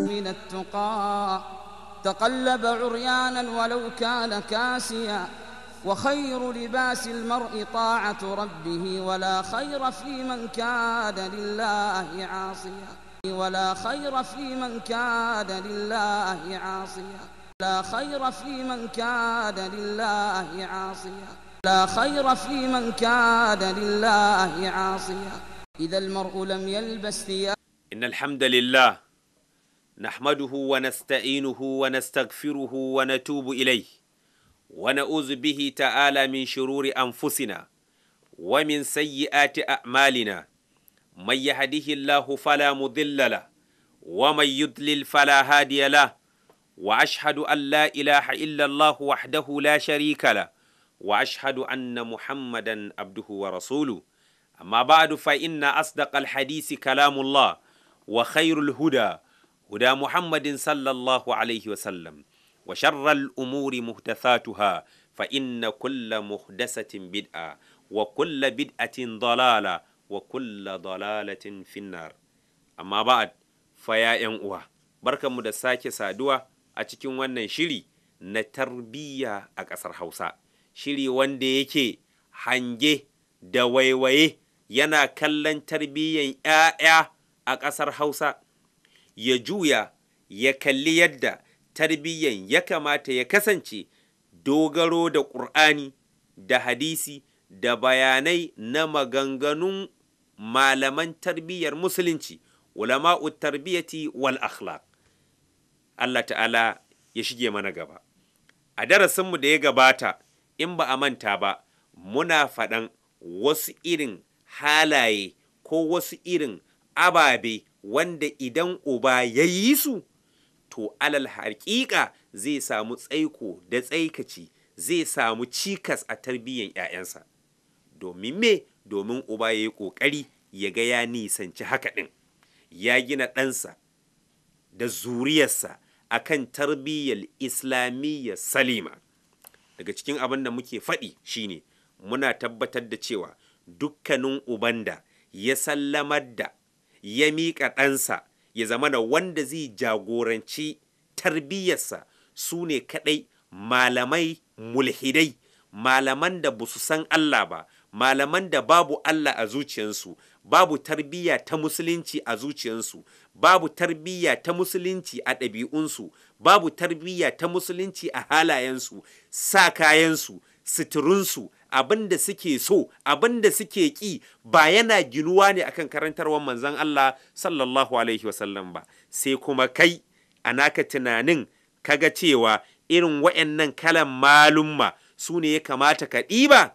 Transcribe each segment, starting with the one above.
من التقى تقلب عريانا ولو كان كاسيا وخير لباس المرء طاعة ربه ولا خير في من كاد لله عاصيا ولا خير في من كاد لله عاصيا لا خير في من كاد لله عاصيا لا خير في من كان لله عاصيا إذا المرء لم يلبس ثياب إن الحمد لله نحمده ونستعينه ونستغفره ونتوب إليه ونعوذ به تعالى من شرور أنفسنا ومن سيئات أعمالنا من يهده الله فلا مضل له ومن يضلل فلا هادي له وأشهد أن لا إله إلا الله وحده لا شريك له wa ashhadu anna muhammadan abduhu wa rasulu amma ba'du fa inna asdaqal hadisi kalamullah wa khairul huda huda muhammadin sallallahu alaihi wa sallam wa sharral umuri muhdathatuha fa inna kulla muhdasatin bid'a wa kulla bid'atin dalala wa kulla dalalatin finnar amma ba'd fa ya yan uwa barkamu da sake saduwa a cikin wannan shiri na tarbiyya a ƙasar hausa shiri wanda yake hange da waiwaye yana kallon tarbiyyan 'ya'ya a ƙasar hausa ya juya ya kalli yadda tarbiyyan ya kamata ya kasance dogaro da ƙur'ani da hadisi da bayanai na maganganun malaman tarbiyyar musulunci ulama'u tarbiyyati wal akhlaq Allah ta'ala ya shige mana gaba a darasinmu da ya gabata in ba a manta ba muna faɗan wasu irin halaye ko wasu irin ababe wanda idan uba ya yi su to alal haƙiƙa zai samu tsaiko da tsaikaci zai samu cikas a tarbiyyar 'ya'yansa domin me domin uba ya yi ƙoƙari ya ga ya nisanci haka ɗin ya gina ɗansa da zuriyarsa akan tarbiyyar islamiyyar salima daga cikin abin da muke faɗi shine muna tabbatar da cewa dukkanin uban da ya sallamar da ya miƙa ɗansa ya zama da wanda zai jagoranci tarbiyyarsa su ne kaɗai malamai mulhidai malaman da ba su san Allah ba malaman da babu Allah a zuciyarsu babu tarbiyya ta musulunci a zuciyarsu babu tarbiyya ta musulunci a ɗabi'unsu babu tarbiyya ta musulunci a halayensu sa kayansu suturunsu abin da suke so abin da suke ƙi ba yana ginuwa ne akan karantarwar manzon Allah sallallahu alaihi wasallam ba sai kuma kai a naka tunanin kaga cewa irin wa'annan kalan malumma su ne ya kamata ka ɗiba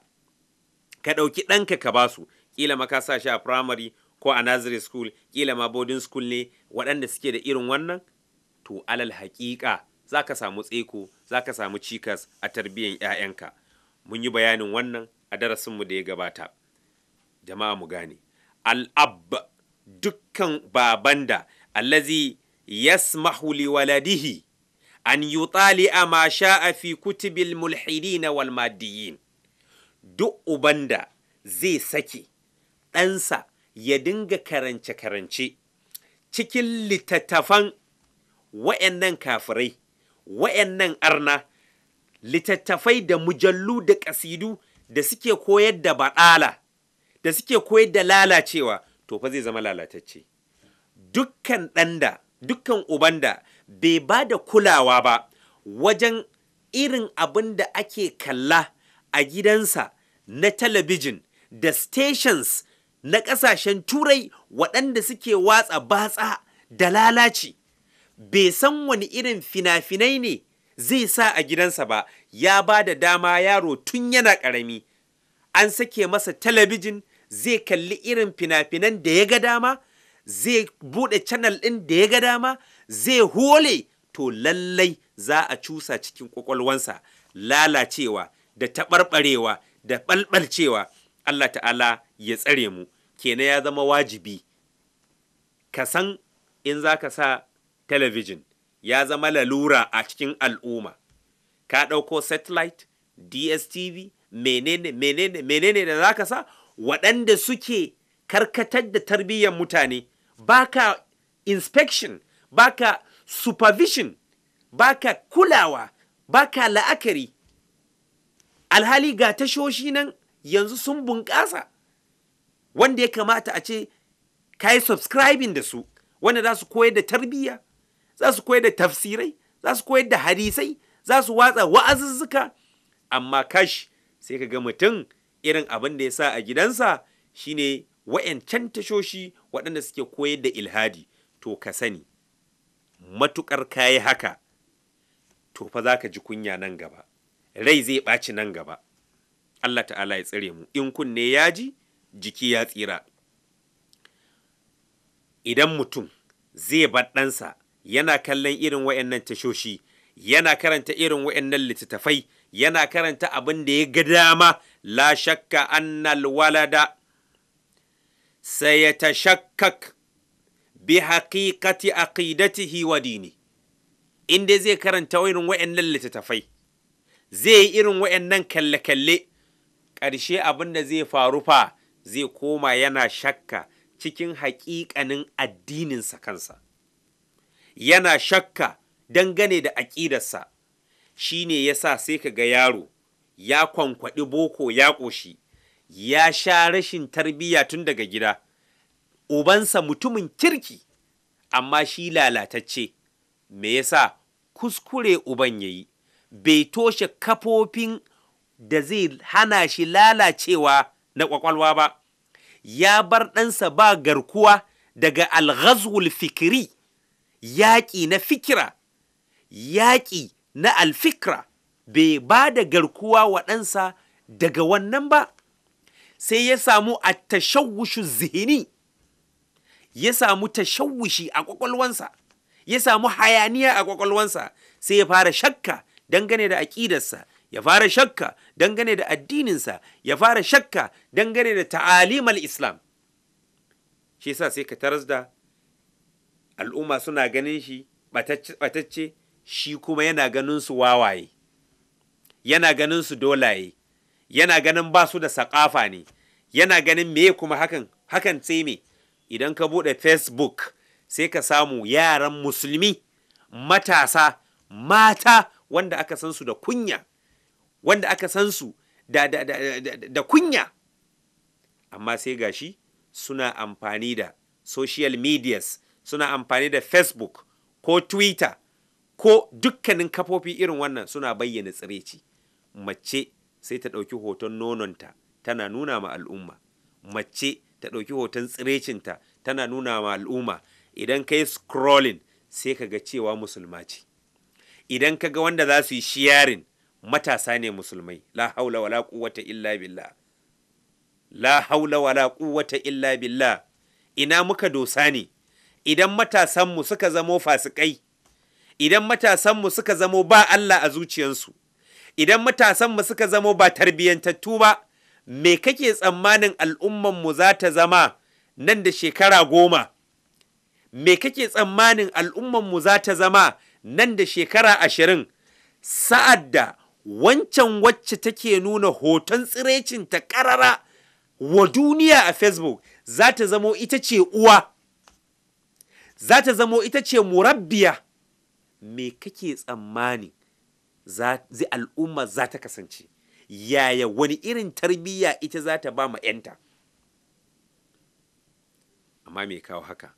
ka ɗauki ɗanka ka basu ƙila ma ka sa shi a firamare ko a nursery school ƙila ma boarding school ne waɗanda suke da irin wannan to alal haƙiƙa za ka samu tseko za ka samu cikas a tarbiyyar 'ya'yanka mun yi bayanin wannan a darasinmu da ya gabata jama'a mu gane al'ab dukkan baban da allazi yasmahu li waladihi an yutali a ma sha'a fi kutubil mulhidina wal maddiyin duk uban da zai sake ɗansa ya dinga karance-karance cikin littattafan wa'yannan kafirai wa'yannan arna littattafai da mujallu da ƙasidu da suke koyar da baɗala da suke koyar da lalacewa to fa zai zama lalatacce dukkan ɗanda dukkan ubanda bai ba da kulawa ba wajen irin abin da ake kalla a gidansa na talabijin da stations na ƙasashen turai waɗanda suke watsa batsa da lalaci bai san wani irin fina-finai ne zai sa a gidansa ba ya ba da dama yaro tun yana ƙarami an sake masa talabijin zai kalli irin fina-finan da ya ga dama zai buɗe canal ɗin da ya ga dama zai hole to lallai za a cusa cikin ƙwaƙwalwansa lalacewa da taɓarɓarewa da cewa Allah ta'ala ya tsare mu kenan ya zama wajibi ka san in za ka sa talabijin ya zama lalura a cikin al'umma ka ɗauko satellite dstv menene da za ka sa waɗanda suke karkatar da tarbiyyar mutane baka inspection baka supervision baka kulawa baka la'akari alhali ga tashoshi nan yanzu sun bunƙasa wanda ya kamata a ce ka yi subscribing da su wanda za su koyar da tarbiyya za su koyar da tafsirai za su koyar da hadisai za su watsa wa'azuzzuka amma kash sai ka ga mutum irin abin da ya sa a gidansa shine wa'yancan tashoshi waɗanda suke koyar da ilhadi to ka sani matuƙar yi haka to fa za ka ji kunya nan gaba rai zai ɓaci nan gaba Allah ta'ala ya tsire mu in kunne ya ji jiki ya tsira idan mutum zai bar ɗansa yana kallon irin wayannan tashoshi yana karanta irin wayannan littattafai yana karanta abin da ya ga dama la shakka annal walada sayyatashakkak bi haqiqati aqidatihi wa dini in zai karanta irin wayannan littattafai zai yi irin wayannan kalle-kalle ƙarshe abin da zai faru fa zai koma yana shakka cikin haƙiƙanin addininsa kansa yana shakka dangane da aƙidarsa shi ne ya sa sai ka ga yaro ya kwankwaɗi boko ya ƙoshi ya sha rashin tarbiyya tun daga gida ubansa mutumin kirki amma shi lalatacce me yasa kuskure uban ya yi bai toshe kafofin da zai hana shi lalacewa na ƙwaƙwalwa ba ya bar ɗansa ba garkuwa daga alghazul fikiri yaƙi na fikira yaƙi na alfikra bai ba da garkuwa wa ɗansa daga wannan ba sai ya samu a tashawushu zihini ya samu tashawushi a ƙwaƙwalwansa ya samu hayaniya a ƙwaƙwalwansa sai ya fara shakka dangane da aƙidarsa ya fara shakka dangane da addininsa ya fara shakka dangane da ta'alimal islam shi yasa sai ka taras da al'umma suna ganin shi batacce shi kuma yana ganin su wawaye yana ganin su dolaye yana ganin ba su da saƙafa ne yana ganin me kuma hakan hakan sai idan ka buɗe facebook sai ka samu yaran musulmi matasa mata wanda aka san su da kunya wanda aka san su da, da, da, da kunya amma sai gashi suna amfani da social medias suna amfani da facebook ko twitter ko dukkanin kafofi irin wannan suna bayyana tsireci mace sai ta ɗauki hoton nononta tana nuna ma al'umma mace ta ɗauki hoton tsirecinta tana nuna ma al'umma idan ka yi scrolling sai ka ga cewa musulma ce idan ka ga wanda za su yi shiyarin matasa ne musulmai la haula wala quwwata illa biLla. la haula wala quwwata illa billah ina muka dosa ne idan matasanmu suka zamo fasikai idan matasanmu suka zamo ba Allah a zuciyansu idan matasanmu suka zamo ba tarbiyyantattu ba me kake tsammanin al'ummanmu za ta zama nan da shekara goma me kake tsammanin al'ummanmu za ta zama nan da shekara ashirin sa'ad da wancan wacce take nuna hoton tsirecin ta karara wa duniya a facebook za ta zamo ita ce uwa za ta zamo ita ce murabbiya me kake tsammani zai al'umma za ta kasance yaya wani irin tarbiyya ita za ta ba ma 'yanta amma me kawo haka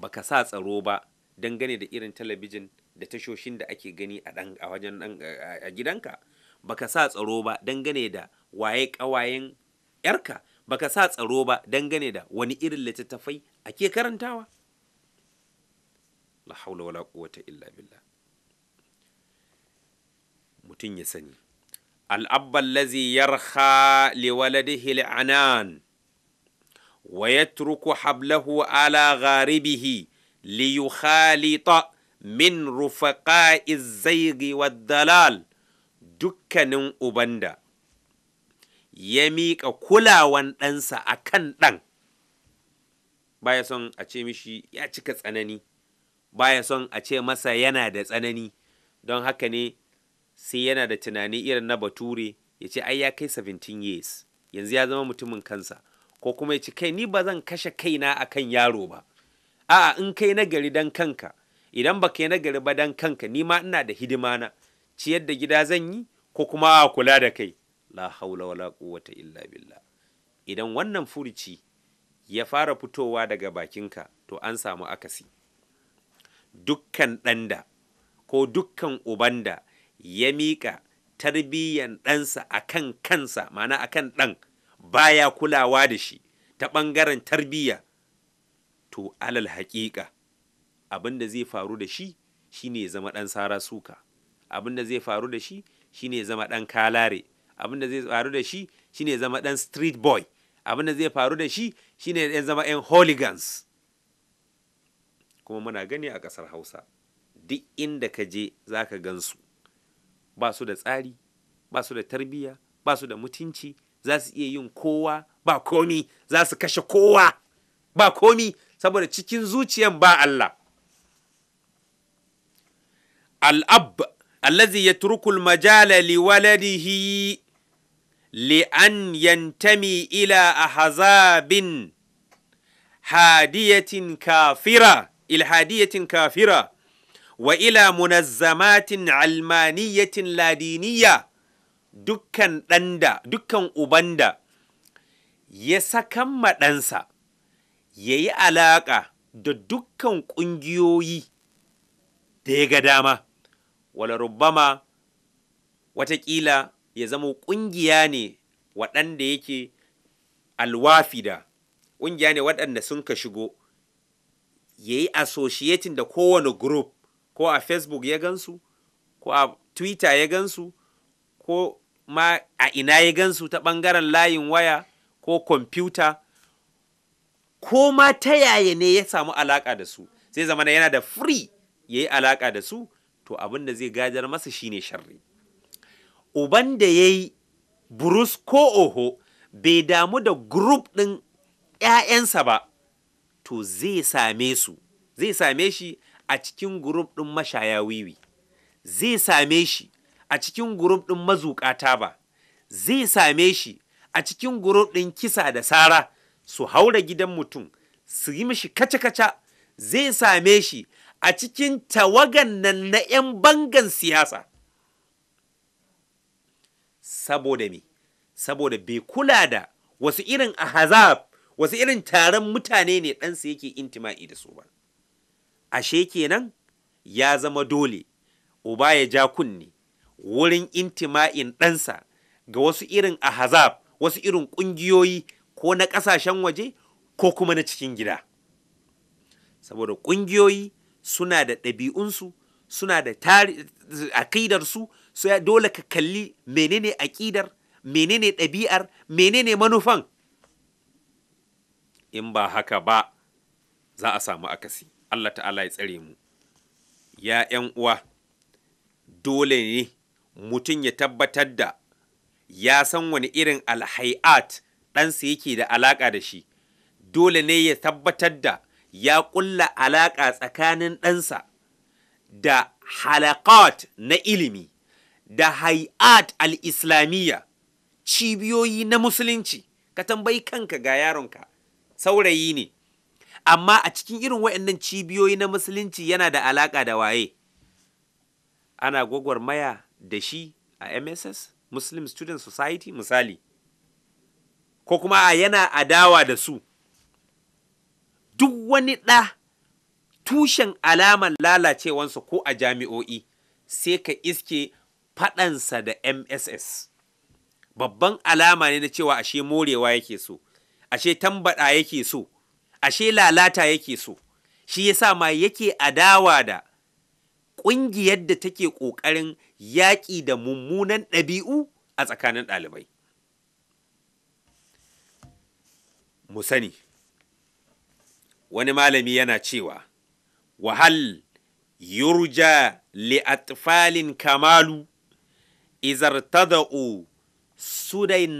baka sa tsaro ba dangane da irin talabijin da tashoshin da ake gani a wajen a gidanka baka sa tsaro ba dangane da waye kawayen yarka baka sa tsaro ba dangane da wani irin littattafai ake karantawa la haula wala quwwata illa billah mutum ya sani الأب الذي يرخى لولده wa yatruku hablahu ala gharibihi liyukhalita min rufaqa'i zaigi wa dalal dukkanin Ubanda. ya miƙa kulawan ɗansa a kan ɗan baya son a ce mishi ya cika tsanani baya son a ce masa yana da tsanani don haka ne sai yana da tunani irin na bature ya ce ai ya kai 17 years yanzu ya zama mutumin kansa ko kuma ya ce kai ni ba zan kashe kaina a kan yaro ba a'a in kai nagari dan kanka idan ba kai nagari ba dan kanka ni ma ina da hidima na ciyar da gida zan yi ko kuma kula da kai la haula wala quwwata illa billah idan wannan furuci ya fara fitowa daga bakinka to an samu akasi dukkan ɗanda ko dukkan ubanda ya miƙa tarbiyyan ɗansa a kan kansa mana a kan ɗan baya kulawa da shi ta ɓangaren tarbiyya to alal haƙiƙa abin da zai faru da shi shine ya zama ɗan sara suka abin da zai faru da shi shine ya zama ɗan kalare abin da zai faru da shi shine ya zama ɗan street boy abin da zai faru da shi shine ya zama ɗan hooligans kuma muna gani a ƙasar hausa duk inda ka je za ka gansu ba su da tsari ba su da tarbiyya ba su da mutunci za su iya yin kowa ba komi za su kashe kowa ba komi saboda cikin zuciyan ba Allah al'ab allazi ya turukul majala li waladihi li an yantami ila ahazabin hadiyatin kafira ilhadiyatin kafira wa ila munazzamatin almaniyatin ladiniya dukkan ɗanda dukkan ubanda ya sakan maɗansa ya yi alaƙa da dukkan ƙungiyoyi da ya ga dama wala rubama watakila ya zama ƙungiya ne waɗanda yake alwafida ƙungiya ne waɗanda sun ka shigo ya yi associating da kowane group ko a facebook ya gansu ko a twitter ya gansu ko ma a ina ya gansu ta ɓangaren layin waya ko kwamfuta ko ma ta yaya ne ya samu alaƙa da su sai zamana yana da firi ya yi alaƙa da su to abin da zai gajar masa shine sharri uban da ya yi burus ko oho bai damu da group ɗin ‘ya'yansa ba to zai same su zai same shi a cikin group ɗin mashaya wiwi zai same shi a cikin group ɗin mazuƙata ba zai same shi a cikin group ɗin kisa da sara su haura gidan mutum su yi mishi kaca-kaca zai same shi a cikin tawagan nan na 'yan bangan siyasa saboda me saboda bai kula da wasu irin ahazab wasu irin taron mutane ne ɗansa yake intima'i da su ba ashe kenan ya zama dole uba ya ja kunni wurin intima'in ɗansa ga wasu irin ahazab wasu irin ƙungiyoyi ko na ƙasashen waje ko kuma na cikin gida saboda ƙungiyoyi suna da ɗabi'unsu suna da aƙidarsu ya dole ka kalli menene aƙidar menene ɗabi'ar menene manufan in ba haka ba za a samu akasi Allah ta'ala ya tsare mu ya ‘yan uwa dole ne mutum ya tabbatar da ya san wani irin alhai'at ɗansa yake da alaƙa da shi dole ne ya tabbatar da ya ƙulla alaƙa tsakanin ɗansa da halakat na ilimi da hay'at al-islamiyya cibiyoyi na musulunci ka tambayi kanka ga yaronka saurayi ne amma a cikin irin waɗannan cibiyoyi na musulunci yana da alaƙa da waye ana gwagwarmaya da shi a mss muslim student society misali ko kuma a yana adawa da su duk wani ɗa tushen alaman lalacewansa ko a jami'o'i sai ka iske faɗansa da mss babban alama ne na cewa ashe morewa yake so ashe tambaɗa yake so ashe lalata yake so shi yasa ma yake adawa da ƙungiyar da take ƙoƙarin yaƙi da mummunan ɗabi'u a tsakanin ɗalibai mu sani wani malami yana cewa wahal yurja li atfalin kamalu izartada'u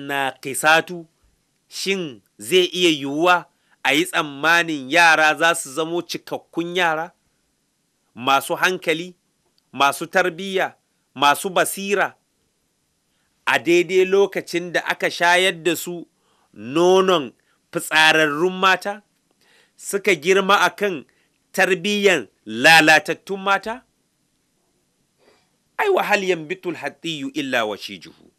na kisatu shin zai iya yiwuwa a yi tsammanin yara za su zamo cikakkun yara masu hankali masu tarbiyya masu basira a daidai lokacin da aka shayar da su nonon fitsararrun mata suka girma a kan tarbiyyan lalatattun mata ai wahal bitul hattiyu illa wa shijuhu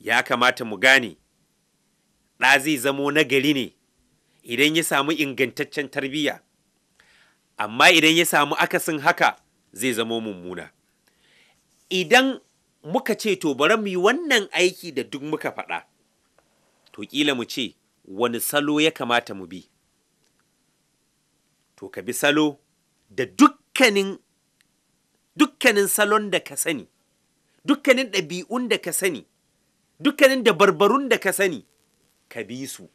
ya kamata mu gane ɗa zai zamo nagari ne idan ya samu ingantaccen tarbiyya amma idan ya samu akasin haka zai zamo mummuna idan muka ce to bari mu yi wannan aiki da duk muka faɗa to ƙila mu ce wani salo ya kamata mu bi to ka bi salo da dukkanin dukkanin salon da ka sani dukkanin ɗabi'un da ka sani dukkanin da barbarun da ka sani ka bi su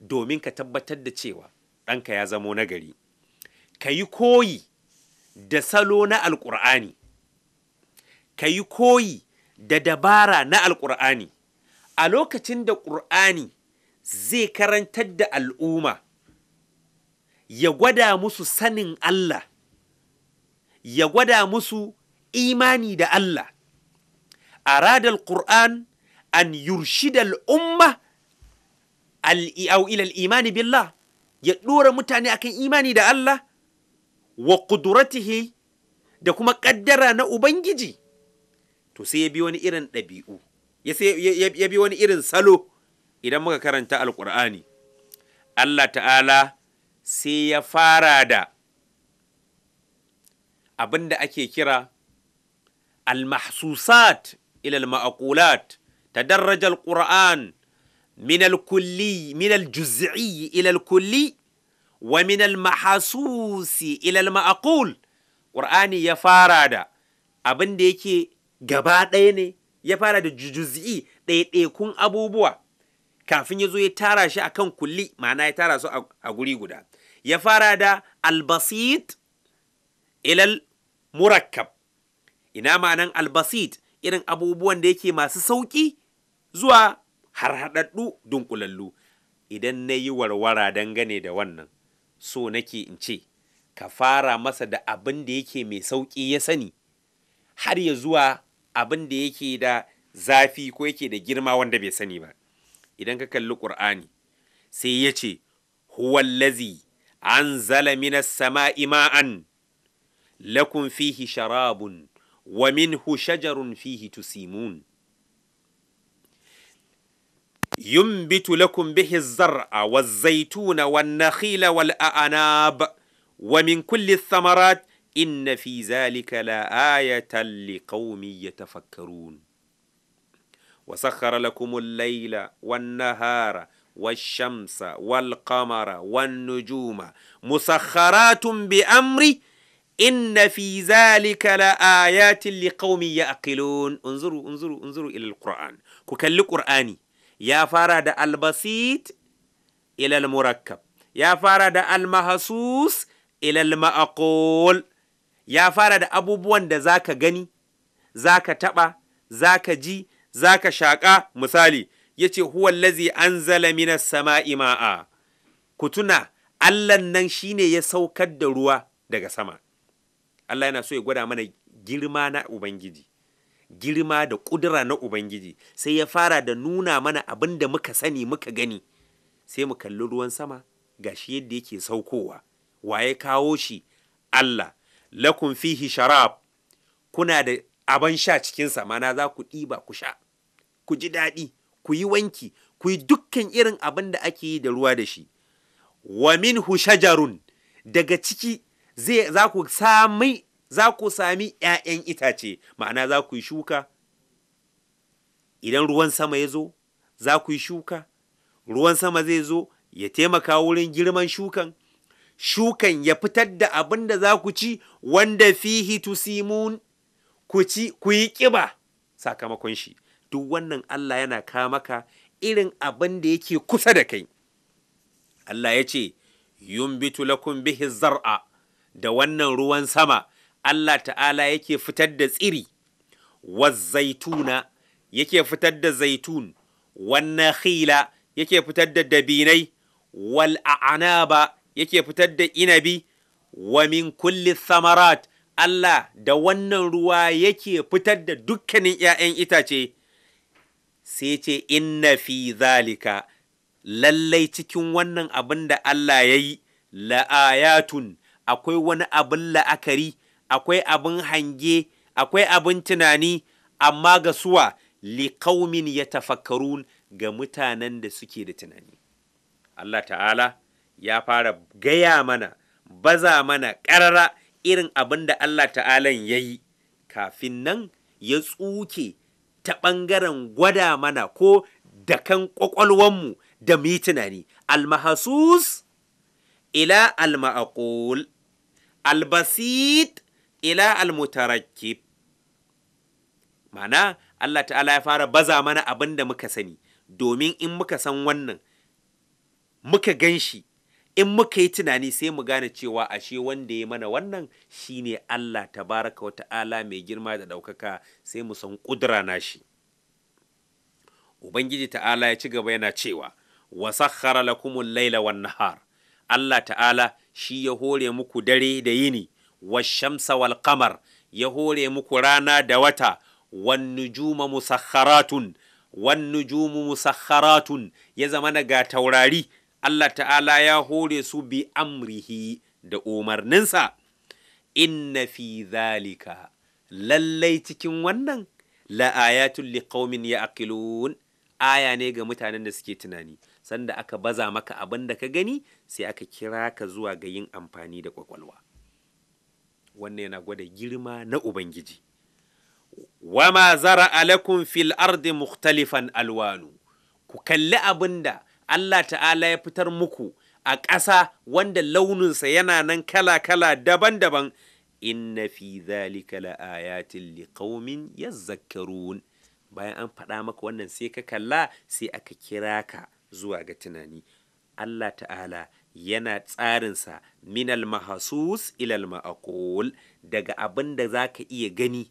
domin ka tabbatar da cewa ɗanka ya zamo nagari ka yi koyi da salo na alƙur'ani ka yi koyi da dabara na alƙur'ani a lokacin da ƙur'ani zai karantar da al'umma ya gwada musu sanin Allah ya gwada musu imani da Allah a radar quran an yurshi da umma au imani billah ya ɗora mutane akan imani da Allah wa ƙuduratihi da kuma ƙaddara na Ubangiji, to sai ya bi wani irin ɗabi'u, ya bi wani irin salo idan muka karanta alkur'ani allah ta'ala sai ya fara da abin da ake kira almahsusat ilal ta darajar القرآن minal الكلي ila alkulli wa min ومن ila almaqul المعقول ya fara da abin da yake gaba ɗaya ne ya fara da juz'i ɗaiɗaikun abubuwa kafin ya zo ya tara shi a kan kulli ma'ana ya tara su a guri guda ya fara da albasit ilal murakkab ina ma'anan albasit irin abubuwan da yake masu sauƙi zuwa har harhaɗaɗɗu dunkulallu idan na yi warwara dangane da wannan so nake in ce ka fara masa da abin da yake mai sauƙi ya sani har ya zuwa abin da yake da zafi ko yake da girma wanda bai sani ba idan ka kalli ƙur'ani sai ya ce huwallazi an zala minas sama'i ma'an lakun fihi sharabun wa minhu shajarun fihi tusimun ينبت لكم به الزرع والزيتون والنخيل والأعناب ومن كل الثمرات إن في ذلك لآية لا لقوم يتفكرون وسخر لكم الليل والنهار والشمس والقمر والنجوم مسخرات بأمري إن في ذلك لآيات لقوم يعقلون انظروا انظروا انظروا إلى القرآن كل قرآني يا فرد البسيط إلى المركب يا فرد المحسوس إلى المأقول يا فرد أبو بوان ذاك غني ذاك تبع ذاك جي Za ka shaƙa misali Ya ce huwallazi zala minas sama'i ma'a ku tuna Allah nan shine ya saukar da ruwa daga sama Allah yana so ya gwada mana girma na Ubangiji girma da ƙudura na Ubangiji sai ya fara da nuna mana abin da muka sani muka gani sai mu kalli ruwan sama Ga shi yadda yake saukowa Wa ya kawo shi Allah lakun fihi sharab kuna da abin sha cikinsa mana za ku ɗiba ku sha ku ji daɗi ku yi wanki ku yi dukkan irin abin da ake yi da ruwa da shi wa minhu shajarun daga ciki zai sami za ku sami ‘ya'yan itace ma'ana za ku yi shuka idan ruwan sama ya zo za ku yi shuka ruwan sama zai zo ya taimaka wurin girman shukan shukan ya fitar da abin da za ku ci wanda fihi tusimun ku ci ku yi ƙiba sakamakon shi duk wannan Allah yana kawo maka irin abin da yake kusa da kai Allah ya ce yun yumbitu lakum bihi zar'a da wannan ruwan sama Allah ta'ala yake fitar da tsiri zaituna yake fitar da zaitun wannan khila yake fitar da dabinai wal yake fitar da inabi wa min kulli samarat, Allah da wannan ruwa yake fitar da dukkanin ‘ya'yan itace sai ce inna fi zalika lallai cikin wannan abin da Allah ya yi la'ayatun akwai wani abin la'akari akwai abin hange akwai abin tunani amma ga suwa liƙaumin ya tafakkarun ga mutanen da suke da tunani Allah ta'ala ya fara gaya mana baza mana ƙarara irin abin da Allah ta'alan ya yi kafin nan ya tsuke ta ɓangaren gwada mana ko da kan ƙwaƙwalwanmu da mu yi tunani almahasus ila alma'aqul albasit ila almutarakkib ma'ana Allah ta'ala ya fara baza mana abin da muka sani domin in muka san wannan muka gan shi in muka yi tunani sai mu gane cewa ashe wanda ya mana wannan shine Allah tabaraka wa ta'ala mai girma da ɗaukaka sai mu san ƙudura shi. ubangiji ta'ala ya ci gaba yana cewa wa sakhara lakumul laila wan nahar Allah ta'ala shi ya hore muku dare da yini shamsa wal kamar, ya hore muku rana da wata wan nujuma musakharatun wan nujumu musakharatun ya zama na ga taurari Allah ta'ala ya hore su bi amrihi da umarninsa inna fi zalika lallai cikin wannan la'ayatun liqaumin ya'qilun aya ne ga mutanen da suke tunani sanda aka baza maka abin da ka gani sai aka kira ka zuwa ga yin amfani da ƙwaƙwalwa. wannan yana gwada girma na ubangiji wama zara alakun fil ardi muktalifan alwanu ku kalli abin da Allah ta'ala ya fitar muku a ƙasa wanda launinsa yana nan kala-kala daban-daban inna fi zalika la'ayatin liqaumin yazzakkarun bayan an faɗa maka wannan sai ka kalla sai aka kira ka zuwa ga tunani Allah ta'ala yana tsarinsa minal mahasus ilal ma'akul daga abin da za ka iya gani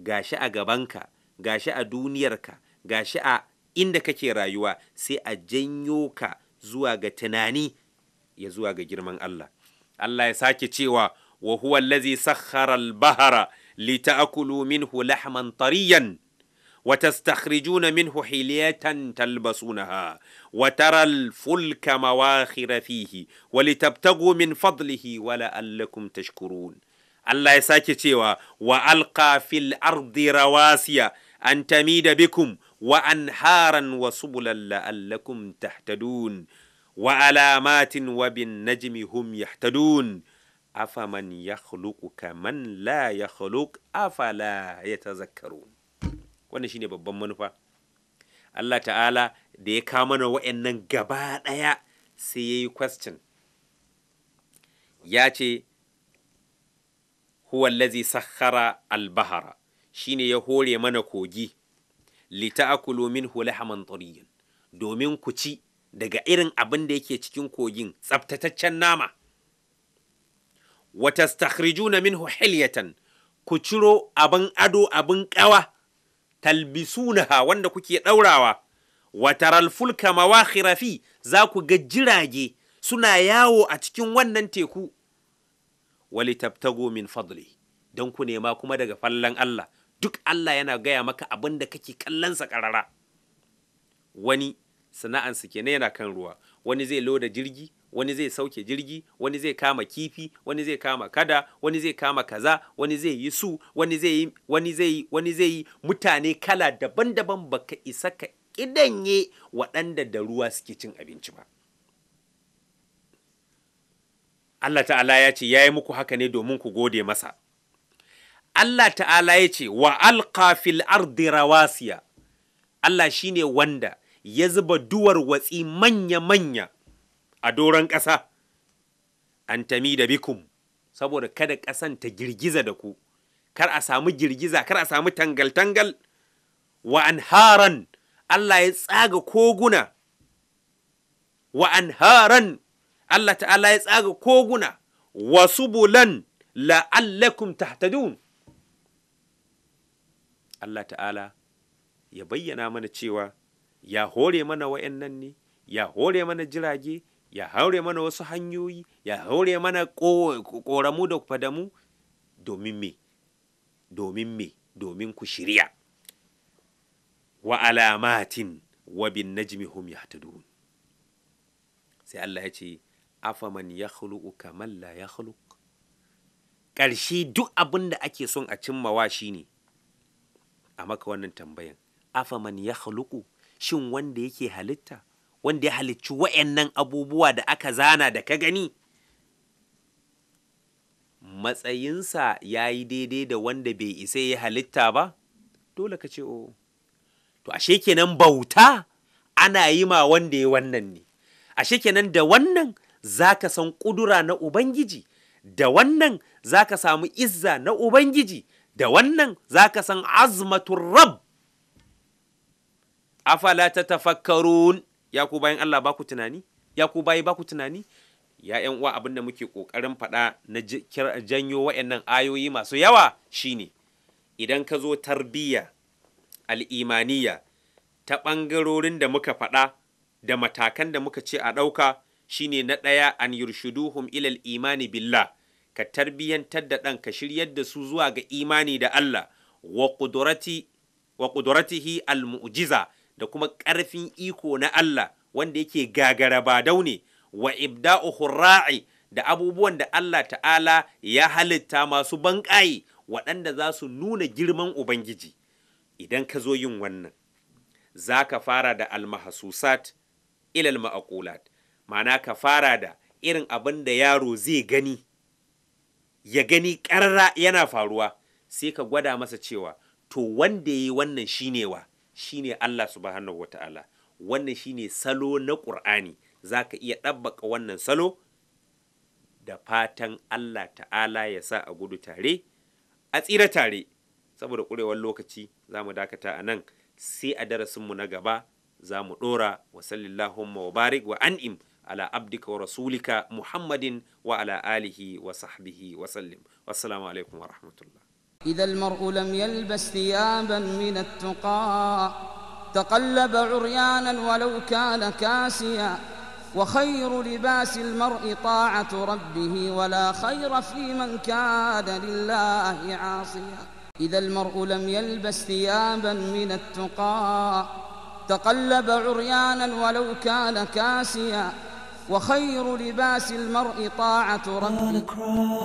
gashi a gabanka gashi a duniyarka gashi a inda kake rayuwa sai a janyo ka zuwa ga tunani ya zuwa ga girman Allah Allah ya sake cewa wa huwa allazi sakhara al-bahra lita'kulu minhu lahman tariyan وتستخرجون منه حلية تلبسونها وترى الفلك مواخر فيه ولتبتغوا من فضله ولعلكم تشكرون الله يساكي تيوا وألقى في الأرض رواسي أن wa haran wa subulan la'allakum tahtadun wa alamatin wa bin najmi hum yahtadun afaman yakhluqu kaman la yakhluq afala yatazakkarun wannan shine babban manufa Allah ta'ala da ya kawo mana wa'annan gaba ɗaya sai ya yi question ya ce huwallazi sakhara albahara shine ya hore mana kogi ta'kulu minhu lahman tariyan domin ku ci daga irin abin da yake cikin kogin tsaftataccen nama wata stakhrijuna minhu hilyatan ku ciro abin ado abin ƙawa talbisunaha wanda kuke ɗaurawa wataral fulka mawakhira fi za ku ga jirage suna yawo a cikin wannan teku wali tabtago min fadli don ku nema kuma daga fallan Allah duk Allah yana gaya maka abin da kake kallonsa karara wani sana'ansa kenan yana kan ruwa wani zai loda jirgi wani zai sauke jirgi wani zai kama kifi wani zai kama kada wani zai kama kaza wani zai yi su wani zai yi wani zai yi wani zai yi mutane kala daban-daban baka isa ka kidanye waɗanda da ruwa suke cin abinci ba Allah ta'ala ya ce ya yi muku haka ne domin ku gode masa Allah ta'ala ya ce wa alqa fil ardi rawasiya Allah shine wanda ya zuba duwar watsi manya-manya a doron ƙasa an tami da bikum saboda kada ƙasan ta girgiza da ku kar a samu girgiza kar a samu tangal-tangal wa anharan Allah ya tsaga koguna wa anharan Allah ta'ala ya tsaga koguna wa subulan la'allakum tahtadun Allah ta'ala ya bayyana mana cewa ya hore mana wa'annan ne ya hore mana jirage ya haure mana wasu hanyoyi ya hore mana ƙoramu da fadamu domin me domin me domin ku shirya wa alamatin wa bin najmi hum yahtadun sai Allah ya ce afaman yakhluqu kamar la yakhluq ƙarshe duk abin da ake son a cimma wa shi ne. a maka wannan tambayan man ya haluku shin wanda yake halitta wanda ya halicci wa'annan abubuwa da aka zana da ka gani matsayinsa ya yi daidai da wanda bai isa ya halitta ba dole ka ce o oh. to ashe kenan bauta ana yi ma wanda ya wannan ne ashe kenan da wannan za ka san ƙudura na ubangiji da wannan za ka samu izza na ubangiji da wannan za ka san azmatun rab afala tafakkarun ya ku bayan Allah ba ku tunani ya ku bayi ku tunani ya yan uwa abin da muke ƙoƙarin faɗa na janyo wa'annan ayoyi masu yawa shine idan ka zo tarbiyya al'imaniya ta ɓangarorin da muka faɗa da matakan da muka ce a ɗauka shine na ɗaya an yurshuduhum ilal imani billah ka tarbiyyantar da ɗan ka shiryar da su zuwa ga imani da Allah wa ƙudurati al-mu'jiza da kuma ƙarfin iko na Allah wanda yake gagara ba daune wa ibda'u hurra'i da abubuwan da Allah ta'ala ya halitta masu banƙaye waɗanda za su nuna girman Ubangiji idan ka zo yin wannan za ka fara da almahasusat ilal ma'akulat ma'ana ka fara da irin abin da yaro zai gani ya gani ƙarara yana faruwa sai ka gwada masa cewa to wanda ya yi wannan shine wa shine Allah subhanahu wa ta'ala wannan shine salo na ƙur'ani za ka iya ɗabbaƙa wannan salo da fatan Allah ta'ala ya sa a gudu tare a tsira tare saboda ƙurewar lokaci za mu dakata a nan sai a darasinmu na gaba za mu ɗora wa sallillahumma wa barik wa an'im على عبدك ورسولك محمد وعلى آله وصحبه وسلم والسلام عليكم ورحمة الله إذا المرء لم يلبس ثيابا من التقى تقلب عريانا ولو كان كاسيا وخير لباس المرء طاعة ربه ولا خير في من كان لله عاصيا إذا المرء لم يلبس ثيابا من التقى تقلب عريانا ولو كان كاسيا وخير لباس المرء طاعة ربه